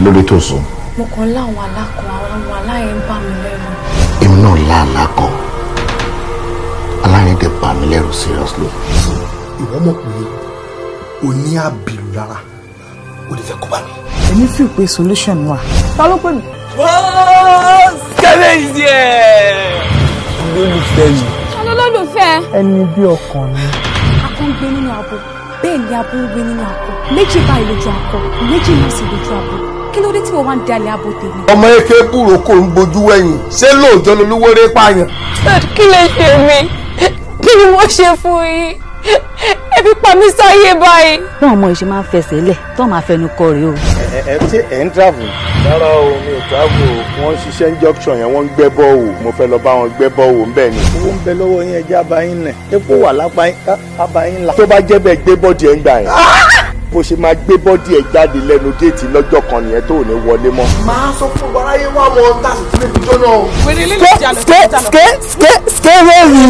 kí ló dé tó sùn. mo kàn láwọn alákọ àwọn aláyẹn ń bà mí èmi náà lá àlákọ aláyẹn dẹ bà mí lẹ́rù seriously. ìwọ mọ̀ pé o ní àbìlù rárá o lè fẹ́ kó bá mi. èmi fi pé solution wà. ta ló pè mí. kẹ́lẹ́ yìí ẹ̀. olólùfẹ́ yìí. olólùfẹ́. ẹni bí ọkàn ni. a nínú abo bẹ́ẹ̀ ni abo ń gbé nínú àpò méjì báyìí lójú àpò méjì lọ sí lójú àpò kí ló dé tí mo wá ń dalẹ̀ abo tèmi. ọmọ eke búrò kò ń gbojú wẹ̀yìn ṣé lóòótọ́ ló lówó rẹ pààyàn. kí lè ṣe mi kí ni mo ṣe fún yín ẹ fi pa mí sáyé báyìí. báwọn ọmọ ìṣe máa ń fẹsẹ̀ lẹ̀ tó máa fẹnu kọ rèé o. ẹ ẹ ṣé ẹ ń travel. rárá o mi ò travel o wọ́n ṣiṣẹ́ ń junction yẹn wọ́n ń gbẹ́ bọ́ọ̀wù mo fẹ́ lọ bá wọn gbẹ́ bọ́ọ̀wù ń bẹ̀ ni. owó ń bẹ lọ́wọ́ yín ẹjẹ́ abayín nẹ̀ epo wà lápá abayín la. tó bá jẹ́ bẹ́ẹ̀ gbé bọ́ọ̀dì ẹ̀ ń gbà yẹn. Ah! bó ṣe máa gbé bọ́dì ẹ̀ jáde lẹ́nu géètì lọ́jọ́ kan nìyẹn tó ní wọlé mọ́. máa sọ fún bọ́láyé wà mọ́ tàbí tí lèmi jóná o. ské ské ské ské wéèrè.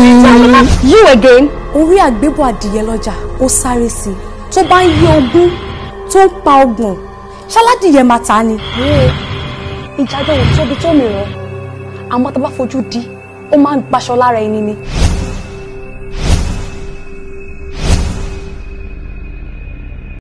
you again. orí àgbébọ̀ adìyẹ lọ́jà ó sáré sí i tó bá ń yí ogún tó ń pa ọgbọ̀n ṣáládìyẹ máa ta ni. ìjà jẹ́ òun tóbi tó mìíràn àmọ́ tá bá fojú di ó máa ń gbaṣọ lára ẹni ni.